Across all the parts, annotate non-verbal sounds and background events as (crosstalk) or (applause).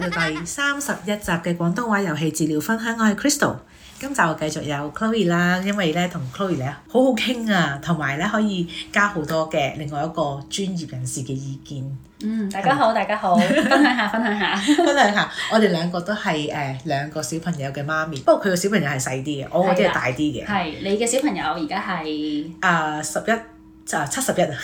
第三十一集嘅廣東話遊戲治療分享，我係 Christal。今集我繼續有 Chloe 啦，因為咧同 Chloe 咧好好傾啊，同埋咧可以加好多嘅另外一個專業人士嘅意見。嗯，大家好，嗯、大家好， (laughs) 分享下，分享下， (laughs) 分享下。我哋兩個都係誒、呃、兩個小朋友嘅媽咪，不過佢嘅小朋友係細啲嘅，我嗰啲係大啲嘅。係、啊、你嘅小朋友而家係啊十一。呃就七十一啊，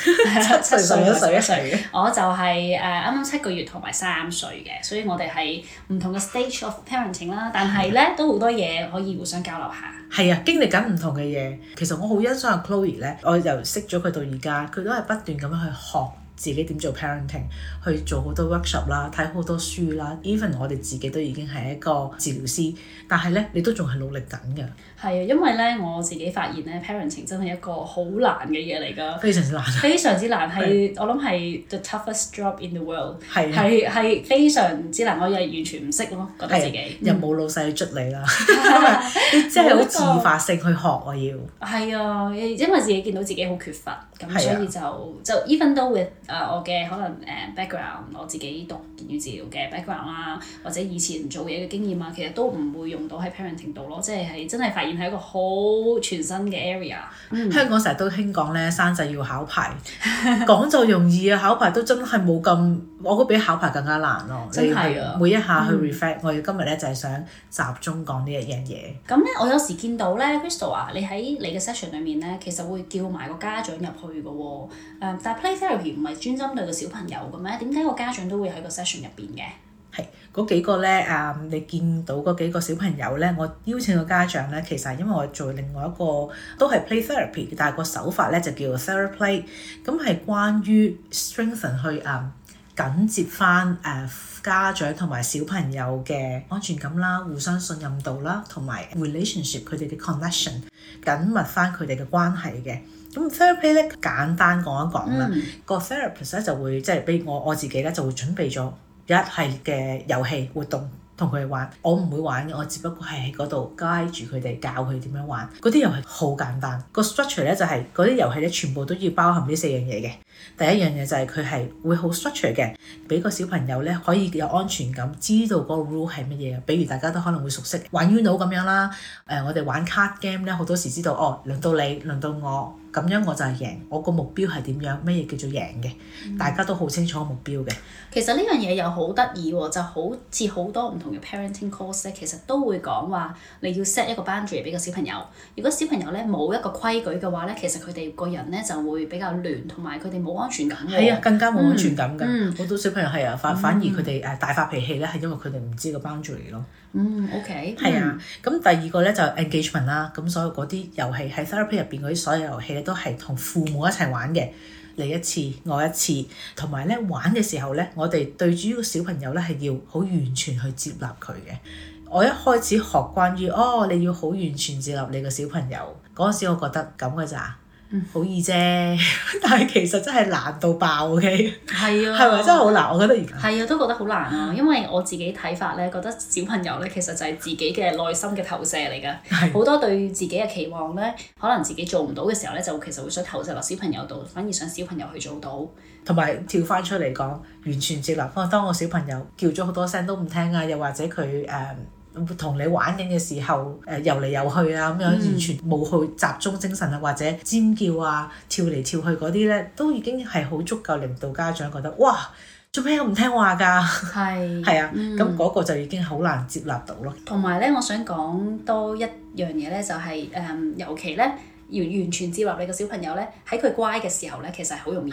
七歲十一 (laughs) 歲。歲 (laughs) 我就係誒啱啱七個月同埋三歲嘅，所以我哋係唔同嘅 stage of parenting 啦。但係咧都好多嘢可以互相交流下。係啊，經歷緊唔同嘅嘢。其實我好欣賞阿 Chloe 咧，我由識咗佢到而家，佢都係不斷咁樣去學。自己點做 parenting，去做好多 workshop 啦，睇好多書啦，even 我哋自己都已經係一個治療師，但係咧你都仲係努力緊㗎。係啊，因為咧我自己發現咧 parenting 真係一個好難嘅嘢嚟㗎。非常，非常之難。非常之難係我諗係 the toughest job in the world，係係係非常之難，我又係完全唔識咯，覺得自己的、嗯、又冇老細去捉你啦，即係好自發性去學喎要。係啊，因為自己見到自己好缺乏。咁、嗯、所以就就 even though 我嘅可能誒、uh, background，我自己讀言語治療嘅 background 啦，或者以前做嘢嘅經驗啊，其實都唔會用到喺 parenting 度咯，即係係真係發現係一個好全新嘅 area。嗯嗯、香港成日都興講咧，生仔要考牌， (laughs) 講就容易啊，考牌都真係冇咁，我覺得比考牌更加難咯。真係啊！的的每一下去 reflect、嗯、我哋今日咧就係想集中講呢一樣嘢。咁咧、嗯，我有時見到咧，Crystal 啊，你喺你嘅 session 裏面咧，其實會叫埋個家長入去。會、嗯、但係 play therapy 唔係專針對個小朋友嘅咩？點解個家長都會喺個 session 入邊嘅？係嗰幾個咧，啊、嗯，你見到嗰幾個小朋友咧，我邀請個家長咧，其實係因為我做另外一個都係 play therapy，但係個手法咧就叫做 Theraplay、嗯、咁係關於 strengthen 去啊、嗯、緊接翻誒家長同埋小朋友嘅安全感啦、互相信任度啦，同埋 relationship 佢哋嘅 connection 緊密翻佢哋嘅關係嘅。咁 therapy 咧，簡單講一講啦。個、嗯、therapist 咧就會即係，俾我我自己咧就會準備咗一係嘅遊戲活動同佢哋玩。我唔會玩嘅，我只不過係喺嗰度 guide 住佢哋，教佢點樣玩嗰啲遊戲。好簡單。個 structure 咧就係嗰啲遊戲咧，全部都要包含呢四樣嘢嘅。第一樣嘢就係佢係會好 structure 嘅，俾個小朋友咧可以有安全感，知道嗰個 rule 係乜嘢。比如大家都可能會熟悉玩 uno you know 咁樣啦。誒、呃，我哋玩 card game 咧，好多時知道哦，輪到你，輪到我。咁樣我就係贏，我個目標係點樣？咩嘢叫做贏嘅？嗯、大家都好清楚目標嘅。其實呢樣嘢又好得意喎，就好似好多唔同嘅 parenting course 咧，其實都會講話你要 set 一個 boundary 俾個小朋友。如果小朋友咧冇一個規矩嘅話咧，其實佢哋個人咧就會比較亂，同埋佢哋冇安全感。係啊，更加冇安全感㗎。好、嗯嗯、多小朋友係啊，反、嗯、反而佢哋誒大發脾氣咧，係因為佢哋唔知個 boundary 咯。嗯，OK。係啊，咁、嗯嗯、第二個咧就 engagement 啦。咁所有嗰啲遊戲喺 therapy 入邊嗰啲所有遊戲咧。都係同父母一齊玩嘅，你一次我一次，同埋咧玩嘅時候咧，我哋對住呢個小朋友咧，係要好完全去接納佢嘅。我一開始學關於哦，你要好完全接納你個小朋友，嗰陣時我覺得咁嘅咋。好易啫，但係其實真係難到爆 OK，係啊，係咪真係好難？我覺得而家係啊，都覺得好難啊。因為我自己睇法咧，覺得小朋友咧其實就係自己嘅內心嘅投射嚟㗎。好係多對自己嘅期望咧，可能自己做唔到嘅時候咧，就其實會想投射落小朋友度，反而想小朋友去做到。同埋跳翻出嚟講，完全接納，可能當我小朋友叫咗好多聲都唔聽啊，又或者佢誒。Um, 同你玩嘅時候，誒遊嚟遊去啊咁樣，完全冇去集中精神啊，或者尖叫啊、跳嚟跳去嗰啲咧，都已經係好足夠令到家長覺得，哇，做咩咁唔聽話㗎？係是，係 (laughs) 啊，咁嗰、嗯、個就已經好難接納到咯。同埋咧，我想講多一樣嘢咧，就係、是、誒、呃，尤其咧，要完全接納你個小朋友咧，喺佢乖嘅時候咧，其實係好容易。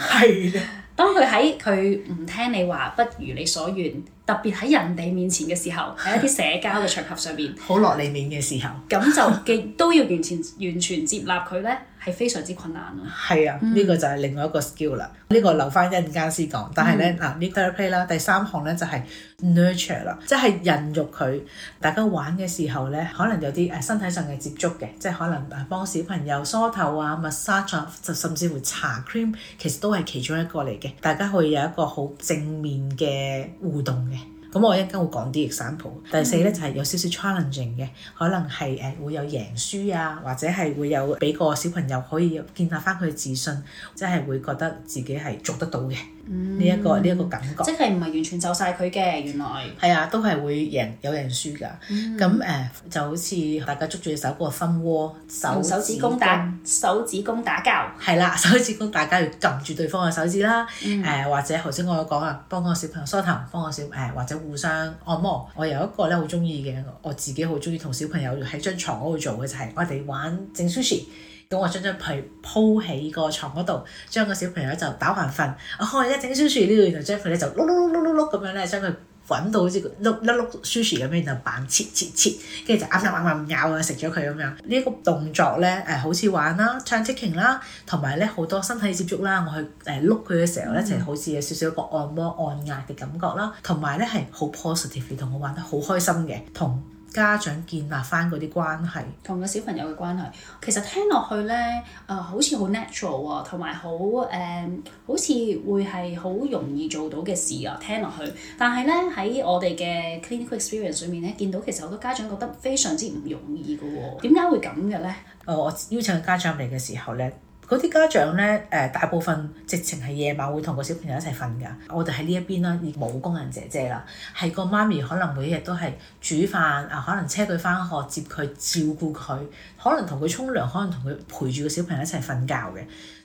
當佢喺佢唔聽你話，不如你所願，特別喺人哋面前嘅時候，喺一啲社交嘅場合上邊，好 (laughs) 落你面嘅時候，咁 (laughs) 就都要完全完全接納佢咧，係非常之困難啊！係啊、嗯，呢個就係另外一個 skill 啦。呢、這個留翻一陣間先講。但係咧，嗱 Theraplay 啦，第三項咧就係、是、nurture 啦，即係孕育佢。大家玩嘅時候咧，可能有啲誒身體上嘅接觸嘅，即係可能誒幫小朋友梳頭啊、massage 啊，就甚至乎搽 cream，其實都係其中一個嚟。大家會有一個好正面嘅互動嘅，咁我一陣會講啲 example。第四呢，就係有少少 challenging 嘅，可能係誒會有贏輸啊，或者係會有俾個小朋友可以建立翻佢自信，即係會覺得自己係做得到嘅。呢一、嗯這個呢一、這個感覺，即係唔係完全走晒佢嘅原來。係啊，都係會贏有人輸㗎。咁誒、嗯呃、就好似大家捉住隻手嗰分，心窩，手指公打手指公打交。係啦，手指公、嗯、大家要撳住對方嘅手指啦。誒、呃、或者頭先我有講啊，幫個小朋友梳頭，幫個小誒、呃、或者互相按摩。我有一個咧好中意嘅，我自己好中意同小朋友喺張床嗰度做嘅就係、是、我哋玩整壽司。咁我將張被鋪喺個床嗰度，將個小朋友就打橫瞓、嗯。我一整小樹料，然後將佢咧就碌碌碌碌碌碌咁樣咧，將佢搵到好似碌一碌壽司咁樣，就後扮切切切，跟住就啱啱啱啱咬啊，食咗佢咁樣。呢個動作咧，誒，好似玩啦 turn-taking 啦，同埋咧好多身體接觸啦。我去誒碌佢嘅時候咧，就好似有少少一個按摩按壓嘅感覺啦，同埋咧係好 positive，同我玩得好開心嘅，同。家長建立翻嗰啲關係，同個小朋友嘅關係，其實聽落去咧，誒好似好 natural，同埋好誒，好似、哦 um, 會係好容易做到嘅事啊。聽落去，但係咧喺我哋嘅 clinical experience 上面咧，見到其實好多家長覺得非常之唔容易㗎喎、哦。點解會咁嘅咧？誒、哦，我邀請個家長嚟嘅時候咧。嗰啲家長咧，誒、呃、大部分直情係夜晚會同個小朋友一齊瞓㗎。我哋喺呢一邊啦，亦冇工人姐姐啦，係個媽咪可能每日都係煮飯啊、呃，可能車佢返學、接佢、照顧佢，可能同佢沖涼，可能同佢陪住個小朋友一齊瞓覺嘅。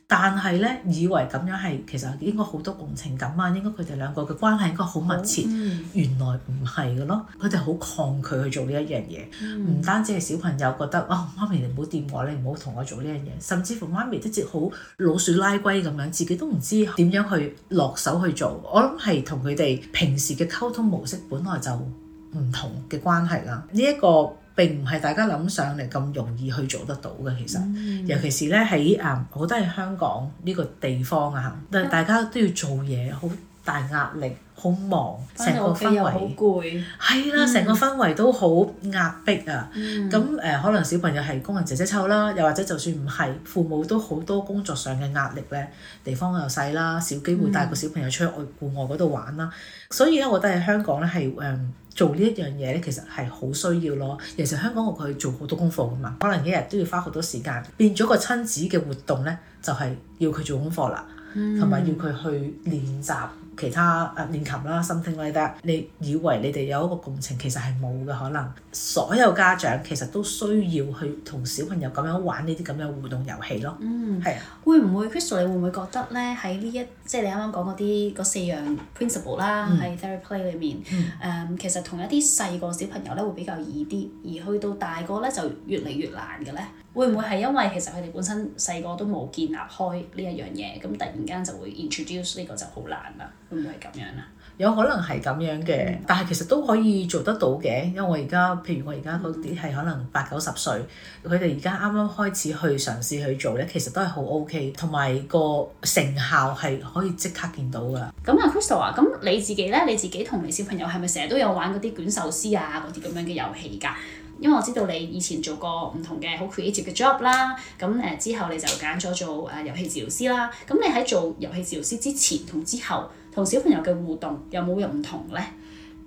但係呢，以為咁樣係其實應該好多共情感啊，應該佢哋兩個嘅關係應該好密切，Oh, um. 原來唔係嘅咯。佢哋好抗拒去做呢一樣嘢，唔、um. 單止係小朋友覺得哦，媽咪你唔好掂我，你唔好同我做呢樣嘢，甚至乎媽咪一直好老鼠拉龜咁樣，自己都唔知點樣去落手去做。我諗係同佢哋平時嘅溝通模式本來就唔同嘅關係啦。呢、這、一個。並唔係大家諗上嚟咁容易去做得到嘅，其實，嗯、尤其是咧喺誒，好多喺香港呢個地方啊，但係大家都要做嘢好大壓力，好忙，成個氛圍好攰，係啦，成個氛圍都好壓迫啊。咁誒、mm. 呃，可能小朋友係工人姐姐湊啦，又或者就算唔係，父母都好多工作上嘅壓力咧，地方又細啦，少機會帶個小朋友出去戶外戶外嗰度玩啦。Mm. 所以咧，我覺得喺香港咧係誒做一呢一樣嘢咧，其實係好需要咯。尤其是香港個佢做好多功課噶嘛，可能一日都要花好多時間，變咗個親子嘅活動咧，就係、是、要佢做功課啦，同埋、mm. 要佢去練習。Mm. 其他誒練琴啦、something like that，你以為你哋有一個共情，其實係冇嘅可能。所有家長其實都需要去同小朋友咁樣玩呢啲咁嘅互動遊戲咯。嗯，係是。會唔會 Christal？你會唔會覺得咧？喺呢一即係你啱啱講嗰啲嗰四樣 principle 啦、嗯，喺 therapy 裡面誒，嗯嗯、其實同一啲細個小朋友咧會比較易啲，而去到大個咧就越嚟越難嘅咧。會唔會係因為其實佢哋本身細個都冇建立開呢一樣嘢，咁突然間就會 introduce 呢個就好難啦？會唔會係咁樣啊？有可能係咁樣嘅，嗯、但係其實都可以做得到嘅，因為我而家譬如我而家嗰啲係可能八九十歲，佢哋而家啱啱開始去嘗試去做咧，其實都係好 OK，同埋個成效係可以即刻見到噶。咁啊，Christal 啊，咁你自己咧，你自己同你小朋友係咪成日都有玩嗰啲捲壽司啊嗰啲咁樣嘅遊戲㗎？因為我知道你以前做過唔同嘅好 creative 嘅 job 啦，咁誒之後你就揀咗做誒遊戲治療師啦。咁你喺做遊戲治療師之前同之後，同小朋友嘅互動有冇又唔同咧？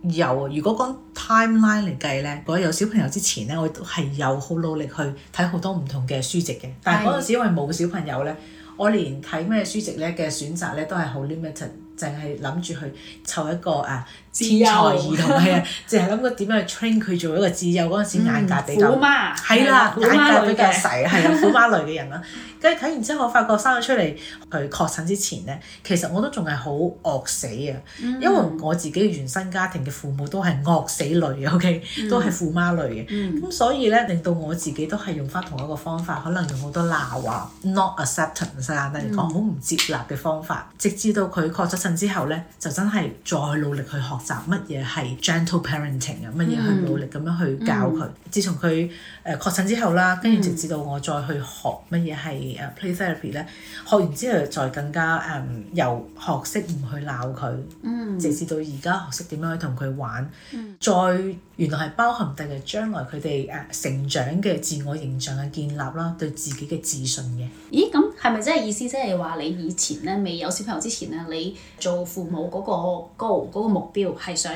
有，啊，如果講 timeline 嚟計咧，我有小朋友之前咧，我都係有好努力去睇好多唔同嘅書籍嘅。但係嗰陣時因為冇小朋友咧，我連睇咩書籍咧嘅選擇咧都係好 limited，淨係諗住去湊一個啊～天才兒童，係啊，淨係諗過點樣去 train 佢做一個資優，嗰陣時眼界比較係啦，眼界比較細，係啊，虎媽類嘅人啦。跟住睇完之後，我發覺生咗出嚟，佢確診之前咧，其實我都仲係好惡死啊，嗯、因為我自己原生家庭嘅父母都係惡死類，OK，、嗯、都係虎媽類嘅，咁、嗯嗯、所以咧令到我自己都係用翻同一個方法，可能用好多鬧啊，not acceptable 嘅時你嚟講，好唔接納嘅方法，直至到佢確咗診之後咧，就真係再努力去學習。乜嘢係 gentle parenting 啊？乜嘢去努力咁樣去教佢？嗯嗯、自從佢誒確診之後啦，跟住直至到我再去學乜嘢係誒 play therapy 咧，學完之後再更加誒由、嗯、學識唔去鬧佢，嗯、直至到而家學識點樣去同佢玩，嗯、再。原來係包含第日將來佢哋誒成長嘅自我形象嘅建立啦，對自己嘅自信嘅。咦，咁係咪真係意思即係話你以前咧未有小朋友之前咧，你做父母嗰個 goal 嗰個目標係想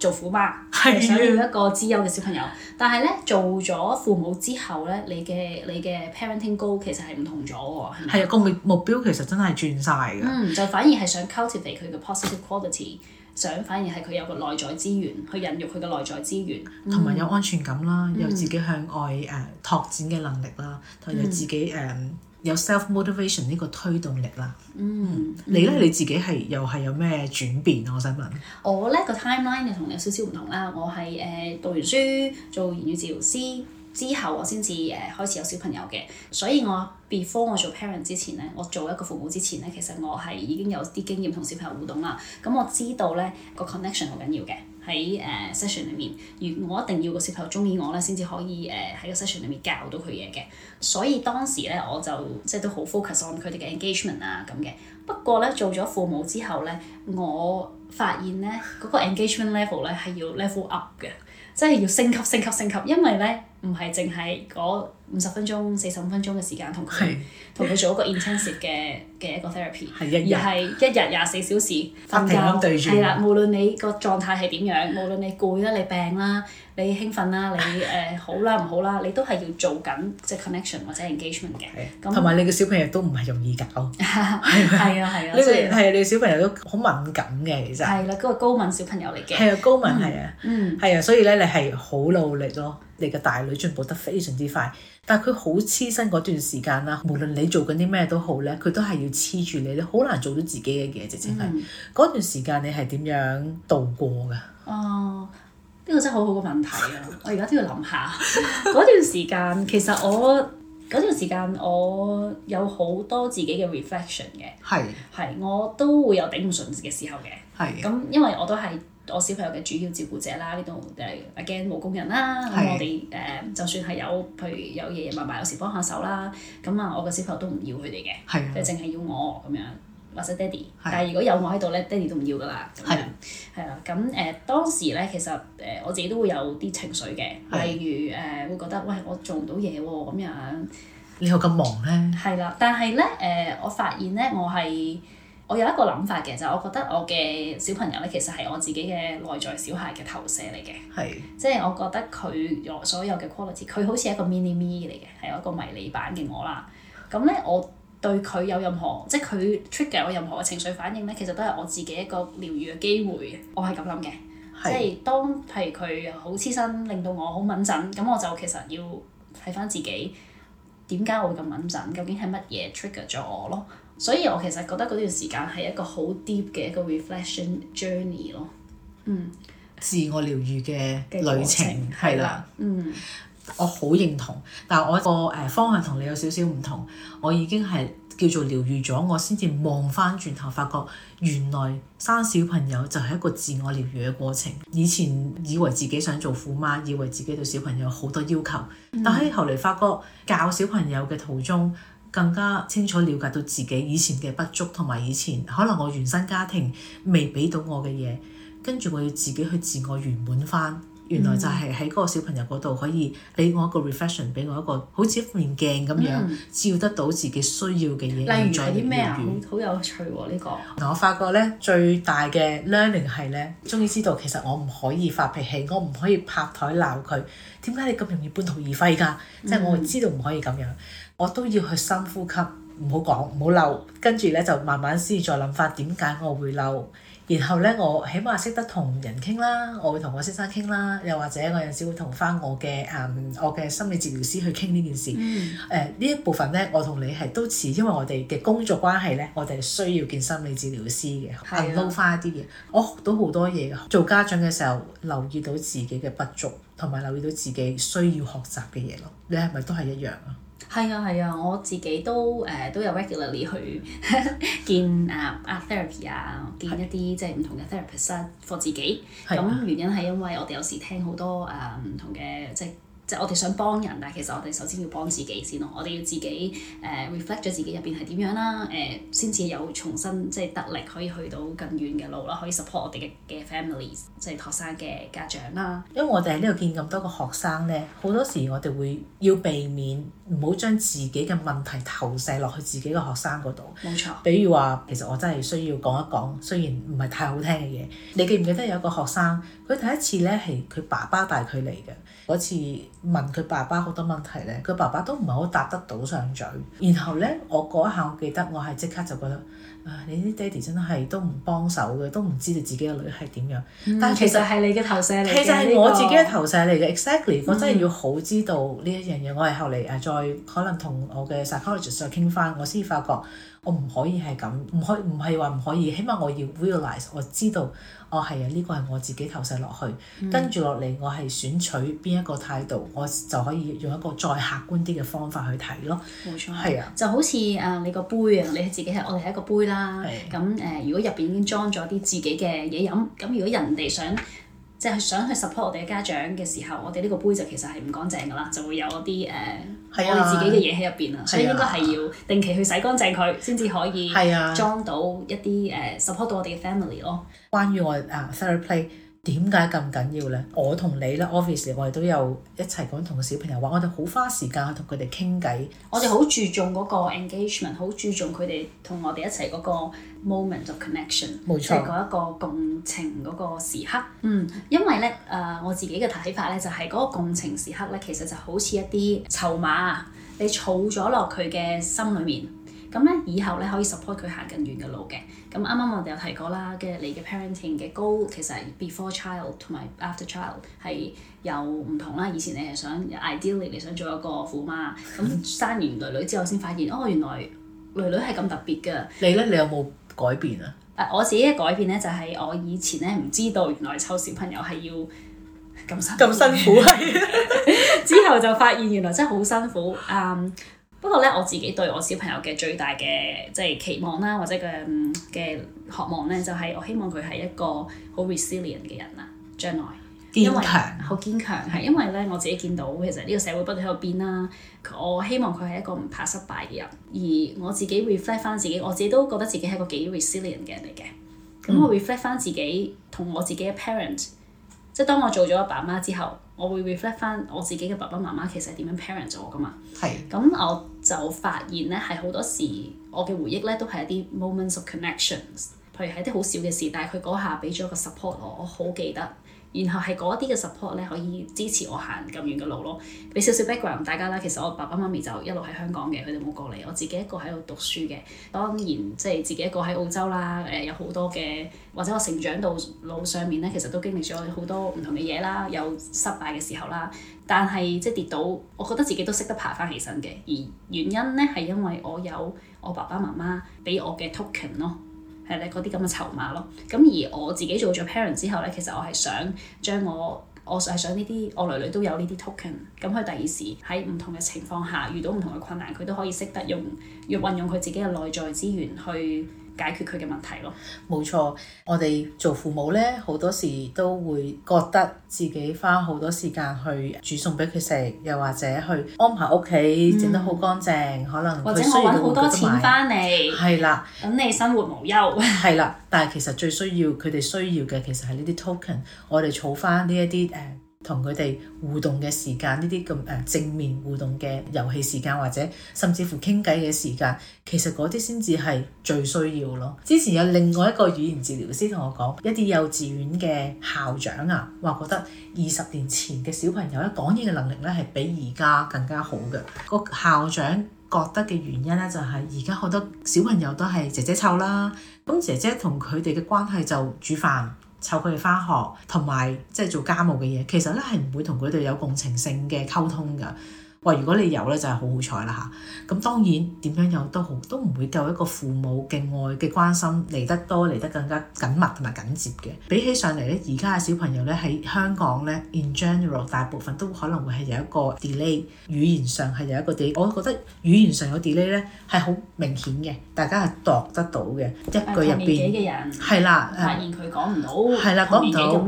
做虎媽，係的想要一個資優嘅小朋友。但係咧做咗父母之後咧，你嘅你嘅 parenting goal 其實係唔同咗喎。係啊，個目目標其實真係轉晒㗎。嗯，就反而係想 cultivate 佢嘅 positive quality。想反而係佢有個內在資源去孕育佢嘅內在資源，同埋、嗯、有安全感啦，嗯、有自己向外誒拓展嘅能力啦，同、嗯、有自己誒、um, 有 self motivation 呢個推動力啦。嗯，嗯你咧你自己係又係有咩轉變啊？我想問。我咧、呢個 timeline 又同你有點點同有少少唔同啦。我係誒、uh, 讀完書做言語治療師。之後我先至誒開始有小朋友嘅，所以我 before 我做 parent 之前咧，我做一個父母之前咧，其實我係已經有啲經驗同小朋友互動啦。咁我知道咧個 connection 好緊要嘅喺誒 session 裡面，如我一定要個小朋友鍾意我咧，先至可以誒喺、uh, 個 session 裡面教到佢嘢嘅。所以當時咧我就即係都好 focus on 佢哋嘅 engagement 啊咁嘅。不過咧做咗父母之後咧，我發現咧嗰個 engagement level 咧係要 level up 嘅，即係要升級升級升級，因為咧。唔係淨係嗰五十分鐘、四十五分鐘嘅時間同佢同佢做一個 intensive 嘅嘅一個 therapy，而係一日廿四小時瞓覺。係啦，無論你個狀態係點樣，無論你攰啦、你病啦、你興奮啦、你誒好啦、唔好啦，你都係要做緊即係 connection 或者 engagement 嘅。同埋你嘅小朋友都唔係容易搞，係啊係啊，呢個係你小朋友都好敏感嘅其實。係啦，嗰個高敏小朋友嚟嘅。係啊，高敏係啊，嗯，係啊，所以咧你係好努力咯。你嘅大女進步得非常之快，但係佢好黐身嗰段時間啦，無論你做緊啲咩都好咧，佢都係要黐住你咧，好難做到自己嘅嘢。直情係嗰段時間，你係點樣度過噶？哦，呢個真係好好嘅問題啊！ (laughs) 我而家都要諗下嗰 (laughs) 段時間。其實我嗰段時間我有好多自己嘅 reflection 嘅，係係是我都會有頂唔順嘅時候嘅，係咁是因為我都係，我小朋友嘅主要照顧者啦，呢度阿驚冇工人啦，咁是的 我哋誒、呃、就算係有，譬如有爺爺嫲嫲有時幫下手啦，咁啊我個小朋友都唔要佢哋嘅，即係淨係要我咁樣，或者爹哋。是的 但係如果有我喺度咧，爹哋都唔要㗎啦，咁樣係啦。咁誒是的、呃、當時咧，其實誒、呃、我自己都會有啲情緒嘅，例如誒、呃、會覺得喂，我做唔到嘢喎咁樣，你又咁忙咧？係啦，但係咧誒，我發現咧我係。我有一個諗法嘅，就我覺得我嘅小朋友咧，其實係我自己嘅內在小孩嘅投射嚟嘅，是即係我覺得佢所有嘅 quality，佢好似一個 mini me 嚟嘅，係一個迷你版嘅我啦。咁咧，我對佢有任何即係佢 trigger 我任何嘅情緒反應咧，其實都係我自己一個療愈嘅機會。我係咁諗嘅，是即係當係佢好黐身，令到我好敏震，咁我就其實要睇翻自己點解我會咁敏震，究竟係乜嘢 trigger 咗我咯？所以我其實覺得嗰段時間係一個好 deep 嘅一個 reflection journey 咯，嗯，自我療癒嘅旅程係啦，嗯，我好認同，但係我個誒方向同你有少少唔同，我已經係叫做療癒咗，我先至望翻轉頭發覺原來生小朋友就係一個自我療癒嘅過程，以前以為自己想做虎媽，以為自己對小朋友有好多要求，嗯、但係後嚟發覺教小朋友嘅途中，更加清楚了解到自己以前嘅不足，同埋以前可能我原生家庭未俾到我嘅嘢，跟住我要自己去自我圓滿翻。原來就係喺嗰個小朋友嗰度可以俾我一個 reflection，俾我一個好似一面鏡咁樣，嗯、照得到自己需要嘅嘢。例如係啲咩啊？好有趣喎！呢個嗱，我發覺咧最大嘅 learning 係咧，終於知道其實我唔可以發脾氣，我唔可以拍台鬧佢。點解你咁容易半途而廢㗎？即係、嗯、我係知道唔可以咁樣。我都要去深呼吸，唔好講，唔好嬲。跟住咧就慢慢先再諗翻點解我會嬲。然後咧，我起碼識得同人傾啦，我會同我先生傾啦，又或者我有時會同翻我嘅誒、um, 我嘅心理治療師去傾呢件事。誒呢、嗯呃、一部分咧，我同你係都似，因為我哋嘅工作關係咧，我哋係需要見心理治療師嘅 unlock 翻一啲嘢。我學到好多嘢，做家長嘅時候留意到自己嘅不足，同埋留意到自己需要學習嘅嘢咯。你係咪都係一樣啊？係啊係啊，我自己都誒、uh, 都有 regularly 去 (laughs) 見啊啊、uh, uh, therapy 啊、uh,，見一啲的即係唔同嘅 therapist 啊、uh,，for 自己。咁的原因係因為我哋有時聽好多啊，唔、uh, 同嘅即係。即係我哋想幫人，但係其實我哋首先要幫自己先咯。我哋要自己誒、呃、reflect 咗自己入邊係點樣啦，誒先至有重新即係得力可以去到更遠嘅路啦，可以 support 我哋嘅嘅 families，即係學生嘅家長啦。因為我哋喺呢度見咁多個學生咧，好多時我哋會要避免唔好將自己嘅問題投射落去自己個學生嗰度。冇錯。比如話，其實我真係需要講一講，雖然唔係太好聽嘅嘢。你記唔記得有一個學生？佢第一次咧係佢爸爸帶佢嚟嘅，嗰次問佢爸爸好多問題咧，佢爸爸都唔係好答得到上嘴。然後咧，我嗰一下我記得，我係即刻就覺得啊，你啲爹哋真係都唔幫手嘅，都唔知道你自己嘅女係點樣。嗯、但其實係你嘅投射嚟嘅，其實係我自己嘅投射嚟嘅。這個、Exactly，我真係要好知道呢一樣嘢。嗯、我係後嚟誒再可能同我嘅 psychologist 再傾翻，我先發覺我唔可以係咁，唔可唔係話唔可以，起碼我要 realize 我知道。哦，係啊，呢、這個係我自己投射落去，跟住落嚟我係選取邊一個態度，我就可以用一個再客觀啲嘅方法去睇咯。冇錯錯，係啊的，就好似誒、呃、你個杯啊，你自己係我哋係一個杯啦。咁誒的、呃，如果入邊已經裝咗啲自己嘅嘢飲，咁如果人哋想，即係想去 support 我哋嘅家長嘅時候，我哋呢個杯就其實係唔乾淨㗎啦，就會有一啲誒、uh, 啊、我哋自己嘅嘢喺入邊啊，所以應該係要定期去洗乾淨佢，先至可以、啊、裝到一啲誒、uh, support 到我哋嘅 family 咯。關於我誒 Theraplay 點解咁緊要呢？我同你咧，Obviously，我哋都有一齊講同小朋友話，我哋好花時間同佢哋傾偈，我哋好注重嗰個 engagement，好注重佢哋同我哋一齊嗰個 moment of connection，即係嗰一個共情嗰個時刻。嗯，因為呢，誒、呃，我自己嘅睇法呢，就係、是、嗰個共情時刻呢，其實就好似一啲籌碼，你儲咗落佢嘅心裏面。咁咧，以後咧可以 support 佢行更遠嘅路嘅。咁啱啱我哋有提過啦，跟住你嘅 parenting 嘅 goal 其實係 before child 同埋 after child 係有唔同啦。以前你係想 ideally 你想做一個虎媽，咁生完女女之後先發現，哦，原來女女係咁特別嘅。你咧，你有冇改變啊？誒，我自己嘅改變咧，就係我以前咧唔知道原來湊小朋友係要咁辛咁辛苦，辛苦。 (laughs) 之後就發現原來真係好辛苦。嗯、um。不過咧，我自己對我小朋友嘅最大嘅即係期望啦，或者嘅嘅、嗯、渴望咧，就係、是、我希望佢係一個好 resilient 嘅人啦將來，因為，堅強。好堅強，係因為咧強，我自己見到其實呢個社會不斷喺度變啦。我希望佢係一個唔怕失敗嘅人。而我自己 reflect 翻自己，我自己都覺得自己係一個幾 resilient 嘅人嚟嘅。咁我 reflect 翻自己，同我自己嘅 parent，嗯、即係當我做咗爸媽之後，我會 reflect 翻我自己嘅爸爸媽媽其實係點樣 parent 咗我噶嘛。係是。咁我，就發現咧，係好多時我嘅回憶咧，都係一啲 moments of connections。譬如係啲好小嘅事，但係佢嗰下俾咗個 support 我，我好記得。然後係嗰啲嘅 support 咧，可以支持我行咁遠嘅路咯。俾少少 background 大家啦，其實我爸爸媽咪就一路喺香港嘅，佢哋冇過嚟，我自己一個喺度讀書嘅。當然即係、就是、自己一個喺澳洲啦。誒，有好多嘅，或者我成長道路上面咧，其實都經歷咗好多唔同嘅嘢啦，有失敗嘅時候啦。但係即係跌倒，我覺得自己都識得爬翻起身嘅。而原因咧係因為我有我爸爸媽媽俾我嘅 token 咯，係咧嗰啲咁嘅籌碼咯。咁而我自己做咗 parent 之後咧，其實我係想將我我係想呢啲我女女都有呢啲 token。咁佢第二時喺唔同嘅情況下遇到唔同嘅困難，佢都可以識得用用運用佢自己嘅內在資源去解決佢嘅問題咯，冇錯。我哋做父母咧，好多時都會覺得自己花好多時間去煮餸俾佢食，又或者去安排屋企整得好乾淨，可能或者揾好多錢翻嚟，係啦，等你生活無憂。係啦，但係其實最需要佢哋需要嘅，其實係呢啲 token。我哋儲翻呢一啲誒。同佢哋互動嘅時間，呢啲咁誒正面互動嘅遊戲時間，或者甚至乎傾偈嘅時間，其實嗰啲先至係最需要咯。之前有另外一個語言治療師同我講，一啲幼稚園嘅校長啊，話覺得二十年前嘅小朋友咧，講嘢嘅能力咧係比而家更加好嘅。個校長覺得嘅原因咧，就係而家好多小朋友都係姐姐湊啦，咁姐姐同佢哋嘅關係就煮飯。湊佢哋返學，同埋即係做家務嘅嘢，其實咧係唔會同佢哋有共情性嘅溝通㗎。哇！如果你有咧，就係好好彩啦嚇。咁當然點樣有都好，都唔會夠一個父母嘅愛嘅關心嚟得多，嚟得更加緊密同埋緊接嘅。比起上嚟咧，而家嘅小朋友咧喺香港咧，in general 大部分都可能會係有一個 delay。語言上係有一個 delay，我覺得語言上有 delay 咧係好明顯嘅，大家係度得到嘅一句入邊係啦，呃、發現佢講唔到，係啦，講唔到，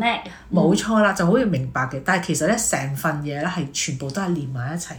冇錯啦，嗯、就好似明白嘅。但係其實咧，成份嘢咧係全部都係連埋一齊。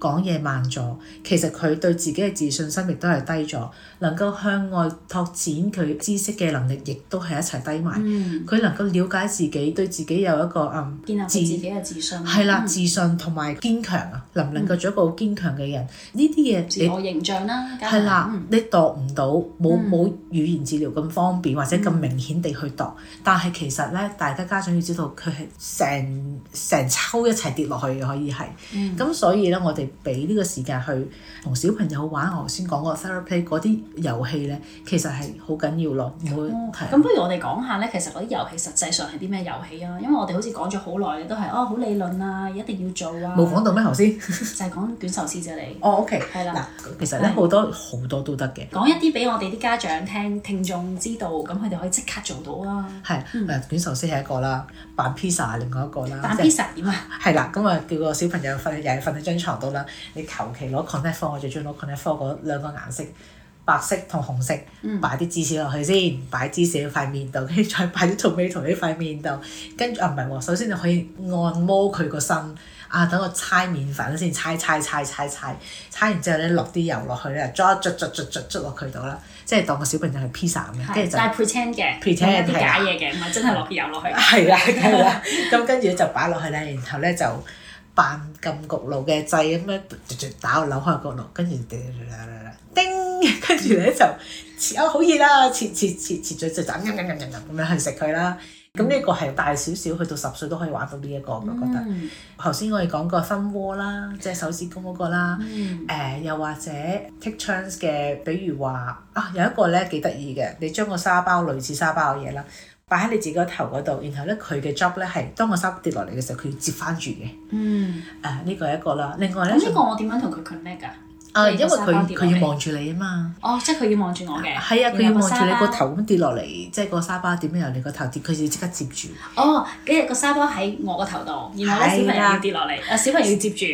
講嘢慢咗，其實佢對自己嘅自信心亦都係低咗，能夠向外拓展佢知識嘅能力，亦都係一齊低埋。佢能夠了解自己，對自己有一個啊，建立自己嘅自信，係啦，自信同埋堅強啊，能唔能夠做一個好堅強嘅人？呢啲嘢自我形象啦，係啦，你度唔到，冇冇語言治療咁方便或者咁明顯地去度，但係其實咧，大家家長要知道，佢係成成抽一齊跌落去，嘅，可以係，咁所以咧，我哋。俾呢個時間去同小朋友玩，我頭先講個 Theraplay 嗰啲遊戲咧，其實係好緊要咯。唔會咁、哦、不如我哋講下咧，其實嗰啲遊戲實際上係啲咩遊戲啊？因為我哋好似講咗好耐嘅都係哦，好理論啊，一定要做啊。冇講到咩頭先？ (laughs) 就係講捲壽司啫，你、哦。哦，OK，係啦。嗱，其實咧好多好是多都得嘅。講一啲俾我哋啲家長聽聽眾知道，咁佢哋可以即刻做到啊。係是，誒捲、嗯呃、壽司係一個啦，扮披薩係另外一個啦。扮披薩點啊？係 (laughs) 啦，咁啊叫個小朋友瞓又係瞓喺張床度。你求其攞 connect four，我最中意攞 connect four 嗰兩個顏色，白色同紅色，擺啲芝士落去先，擺芝士喺塊面度，跟住再擺啲餡同呢塊面度，跟住啊唔係喎，首先你可以按摩佢個身，啊等我搓麵粉先，搓搓搓搓搓，搓完之後咧落啲油落去咧，捽捽捽捽落去到啦，即係當個小朋友係 pizza 咁樣，跟住是就係 pretend 嘅，pretend 係假嘢嘅，的唔係真係落啲油落去。係啊係啊，咁跟住咧就擺落去咧， (laughs) 然後咧就，就。扮禁焗爐嘅掣咁樣，打個扭開個爐，跟住叮，跟住咧就切啊好熱啦，切切切切最最就咁樣去食佢啦。咁呢個係大少少，去到十歲都可以玩到呢一個。我覺得，頭先我哋講個心窩啦，即係手指公嗰個啦。誒，又或者 take turns 嘅，比如話啊，有一個咧幾得意嘅，你將個沙包類似沙包嘅嘢啦。擺喺你自己個頭嗰度，然後咧佢嘅 job 咧係，當個衫跌落嚟嘅時候，佢要接翻住嘅。嗯，誒、啊，呢、這個係一個啦。另外咧，呢、嗯、還個我點樣同佢 connect 啊？因為佢佢要望住你啊嘛。哦，即係佢要望住我嘅。係啊，佢要望住你個頭咁跌落嚟，即係個沙包點樣由你個頭跌，佢就要即刻接住。哦，跟住個沙包喺我個頭度，然後咧小朋友跌落嚟，啊小朋友要接住。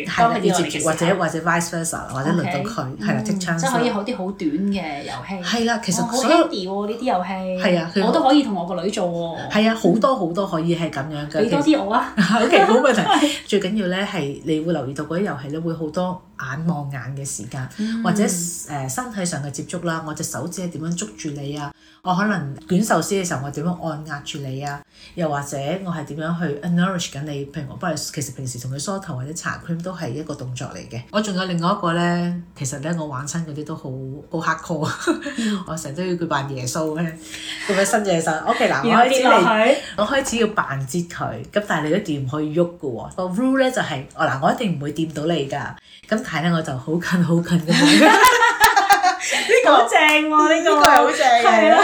或者或者 vice versa，或者輪到佢，係啦，即槍。即係可以好啲好短嘅遊戲。係啦，其實好 h 喎呢啲遊戲。係啊，我都可以同我個女做喎。係啊，好多好多可以係咁樣嘅。俾多啲我啊。O.K. 好問題。最緊要咧係你會留意到嗰啲遊戲咧，會好多眼望眼嘅事。或者誒，身體上嘅接觸啦，我隻手指係點樣捉住你啊？我可能捲壽司嘅時候，我點樣按壓住你啊？又或者我係點樣去 nourish 緊你？譬如我幫你，其實平時同佢梳頭或者搽 cream 都係一個動作嚟嘅。我仲有另外一個咧，其實咧我玩親嗰啲都好好黑 call， (laughs) 我成日都要佢扮耶穌咧，做 (laughs) 咩新耶穌？OK 嗱，我開始，去去我開始要扮折佢。咁但係你掂唔可以喐嘅喎，個 rule 咧就係、係，嗱，我一定唔會掂到你㗎。咁但係咧，我就好近好近嘅。 (laughs) 呢個好正喎！呢個係好正嘅。係啦，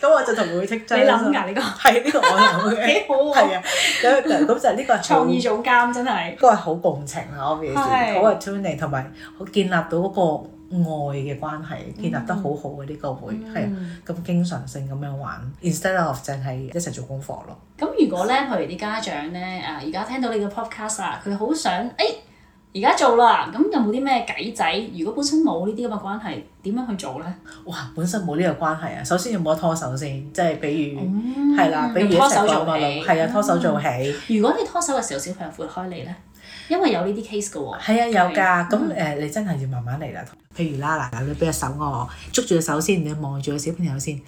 咁我就同佢傾。你諗㗎？呢個係呢個我諗嘅。幾好喎！係啊，咁就係呢個創意總監真係。都係好共情啊！我哋好啊 attuned 同埋好建立到嗰個愛嘅關係，建立得好好嘅呢個會係咁經常性咁樣玩，instead of 凈係一齊做功課咯。咁如果咧，譬如啲家長咧，誒而家聽到你個 podcast 啊，佢好想誒。而家做啦，咁有冇啲咩計仔？如果本身冇呢啲咁嘅關係，點樣去做咧？哇，本身冇呢個關係啊，首先要冇得拖手先，即係比如係啦，比如、嗯啊、拖手做起，係啊，拖手做起、嗯。如果你拖手嘅時候小朋友闊開你咧，因為有呢啲 case 㗎喎。係、嗯、啊，有㗎。咁誒、啊，你真係要慢慢嚟啦。譬、嗯、如啦，嗱，你俾個手我，捉住個手先，你望住個小朋友先。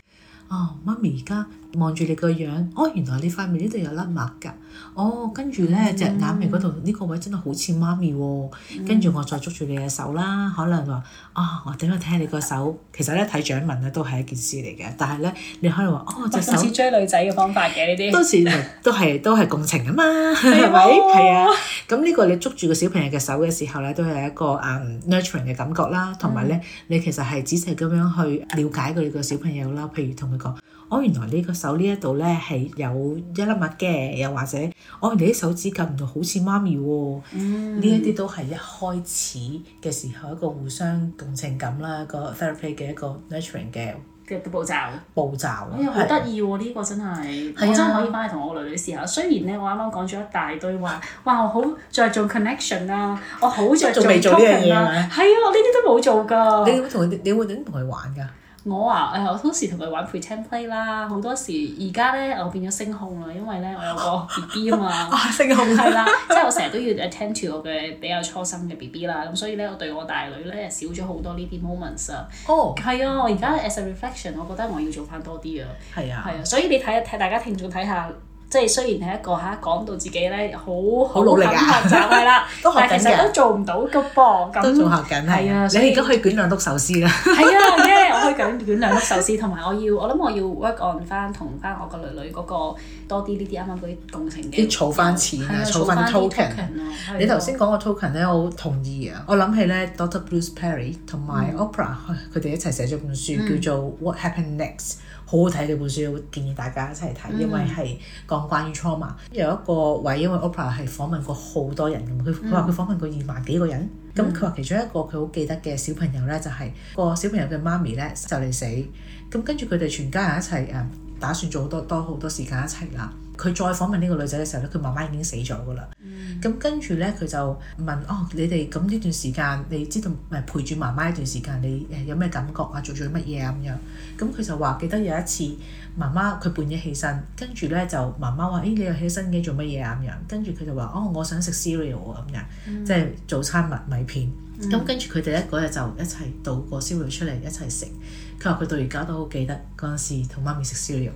啊，媽咪而家望住你個樣，哦，原來你塊面呢度有粒癦㗎，哦，跟住咧隻眼眉嗰度呢個位真係好似媽咪喎，跟住我再捉住你嘅手啦，可能話，啊，我等我睇下你個手，其實咧睇掌紋咧都係一件事嚟嘅，但係咧你可能話，哦，隻手，好似追女仔嘅方法嘅呢啲，當時都係都係共情啊嘛，係咪？係啊，咁呢個你捉住個小朋友嘅手嘅時候咧，都係一個啊 nurturing 嘅感覺啦，同埋咧你其實係仔細咁樣去了解佢個小朋友啦，譬如同。原我原來呢個手呢一度咧係有一粒物嘅，又或者我你啲手指撳到好似媽咪喎。嗯，呢一啲都係一開始嘅時候一個互相共情感啦，個 therapy 嘅一個 nurturing 嘅嘅步驟步驟。哇、哎，好得意喎！呢個、啊啊、真係我真係可以返去同我女女試下。雖然咧，我啱啱講咗一大堆話，哇！我好著重 connection 啊，我好著重 talking 啊，係啊，我呢啲都冇做噶。你會同佢，你會點同佢玩㗎？我啊，誒、哎，我好多時同佢玩 pretend play 啦，好多時而家咧，我變咗聲控啦，因為咧我有個 B B 啊嘛，聲、 (laughs) 啊、控係 (laughs) 啦，即係我成日都要 attend to 我嘅比較初生嘅 B B 啦，咁所以咧，我對我大女咧少咗好多呢啲 moments、oh, 啊。哦，係啊，我而家 as a reflection，我覺得我要做翻多啲是啊。係啊。係啊，所以你睇睇大家聽眾睇下。即係雖然係一個嚇講到自己咧，好好努力學習係啦，但係其實都做唔到嘅噃。都學緊係啊！你而家可以捲兩粒壽司啦。係啊，耶！我可以捲捲兩粒壽司，同埋我要我諗我要 work on 翻同翻我個女女嗰個多啲呢啲啱啱嗰啲共情嘅。啲儲翻錢啊，儲翻 token。你頭先講個 token 咧，我好同意啊！我諗起咧，Doctor Bruce Perry 同埋 Oprah 佢哋一齊寫咗本書叫做《What Happened Next》，好好睇嘅本書，我建議大家一齊睇，因為係。講關於 trauma，有一個位，因為 Oprah 係訪問過好多人嘅，佢佢話佢訪問過二萬幾個人，咁佢話其中一個佢好記得嘅小朋友咧，就係、是、個小朋友嘅媽咪咧就嚟死，咁跟住佢哋全家人一齊誒、嗯，打算做好多多好多時間一齊啦。佢再訪問呢個女仔嘅時候咧，佢媽媽已經死咗㗎啦。咁跟住咧，佢就問：哦，你哋咁呢段時間，你知道唔係陪住媽媽一段時間，你誒有咩感覺啊？做咗乜嘢啊？咁樣，咁佢就話記得有一次。媽媽佢半夜起身，跟住咧就媽媽話：誒、欸、你又起身嘅，做乜嘢啊咁樣？跟住佢就話：哦，我想食 cereal 咁樣，嗯、即係早餐麥米，米片。咁跟住佢哋咧嗰日就一齊倒個 cereal 出嚟一齊食。佢話佢到而家都好記得嗰陣時同媽咪食 cereal。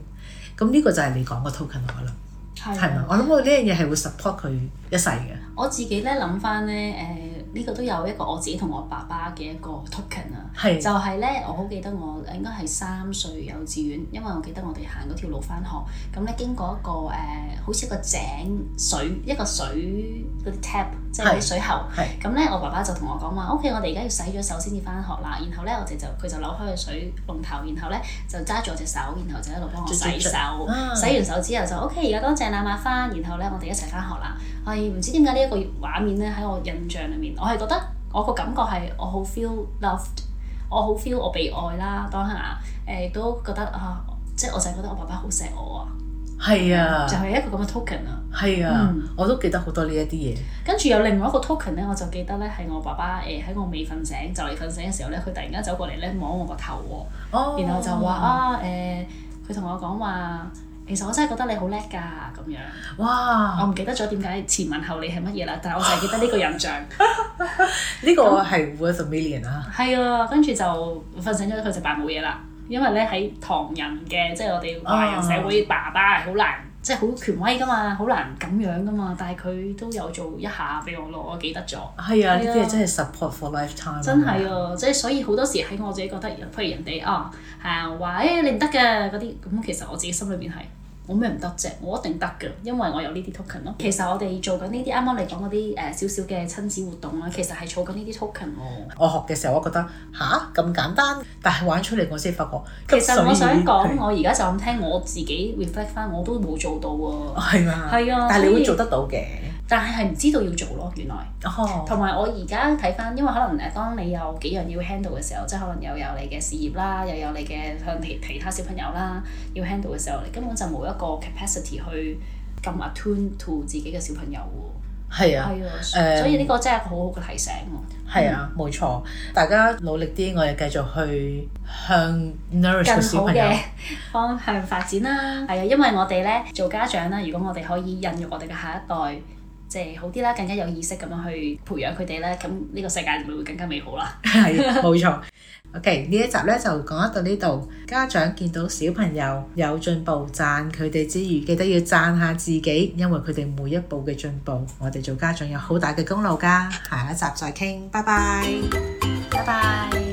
咁呢個就係你講個 token 咯，係咪？我諗到呢樣嘢係會 support 佢一世嘅。我自己咧諗翻咧，誒。呃呢個都有一個我自己同我爸爸嘅一個 token 啊是，就係咧，我好記得我應該係三歲幼稚園，因為我記得我哋行嗰條路翻學咁咧經過一個誒、呃，好似一個井水一個水嗰啲 tap。即係啲水喉，咁咧是我爸爸就同我講話是，OK，我哋而家要洗咗手先至翻學啦。然後咧我哋就佢就扭開個水龍頭，然後咧就揸住我隻手，然後就一路幫我洗手。是洗完手之後就是 OK，而家多正喇喇翻，然後咧我哋一齊翻學啦。係，唔知點解呢一個畫面咧喺我印象裡面，我係覺得我個感覺係我好 feel loved，我好 feel 我被愛啦當下。誒、呃、都覺得啊，即、就、係、是、我成日覺得我爸爸好錫我啊。係啊，就係一個咁嘅 token 啊，係啊，我都記得好多呢一啲嘢。跟住有另外一個 token 咧，我就記得咧係我爸爸誒喺、欸、我未瞓醒就嚟瞓醒嘅時候咧，佢突然間走過嚟咧摸我個頭喎，哦、然後就話、哦、啊誒，佢、欸、同我講話，其實我真係覺得你好叻㗎咁樣。哇！我唔記得咗點解前文後理係乜嘢啦，但係我就係記得呢個印象。呢個係 worth a million 啊！係啊，跟住就瞓醒咗，佢就扮冇嘢啦。因為咧喺唐人嘅，即係我哋華人社會，爸爸係好難，uh, 即係好權威噶嘛，好難咁樣噶嘛。但係佢都有做一下俾我囉，我記得咗。係、哎、呀啊，呢啲係真係 support for lifetime。真係啊，即係、嗯、所以好多時喺我自己覺得，譬如人哋啊，係啊話誒你唔得嘅嗰啲，咁其實我自己心裏邊係。我咩唔得啫？我一定得嘅，因為我有呢啲 token 咯、啊。其實我哋做緊呢啲啱啱嚟講嗰啲誒少少嘅親子活動啦，其實係做緊呢啲 token 喎、啊。我學嘅時候，我覺得吓，咁簡單，但係玩出嚟我先發覺。其實我想講，是我而家就咁聽我自己 reflect 翻，我都冇做到喎。係嘛？係啊，但係你會做得到嘅。但係係唔知道要做咯，原來。哦。同埋我而家睇翻，因為可能誒，當你有幾樣要 handle 嘅時候，即係可能又有你嘅事業啦，又有，有你嘅譬如其他小朋友啦，要 handle 嘅時候，你根本就冇一個 capacity 去咁 attune to 自己嘅小朋友喎。係啊。係啊。嗯、所以呢個真係一個好好嘅提醒。係啊，冇、嗯、錯，大家努力啲，我哋繼續去向 nourish 小朋友方向發展啦。係啊，因為我哋咧做家長啦，如果我哋可以孕育我哋嘅下一代。即係好啲啦，更加有意識咁樣去培養佢哋啦。咁呢個世界咪會更加美好啦。係， (laughs) 冇錯。OK，呢一集呢就講到呢度。家長見到小朋友有進步，讚佢哋之餘，記得要讚下自己，因為佢哋每一步嘅進步，我哋做家長有好大嘅功勞㗎。下一集再傾，拜拜，拜拜。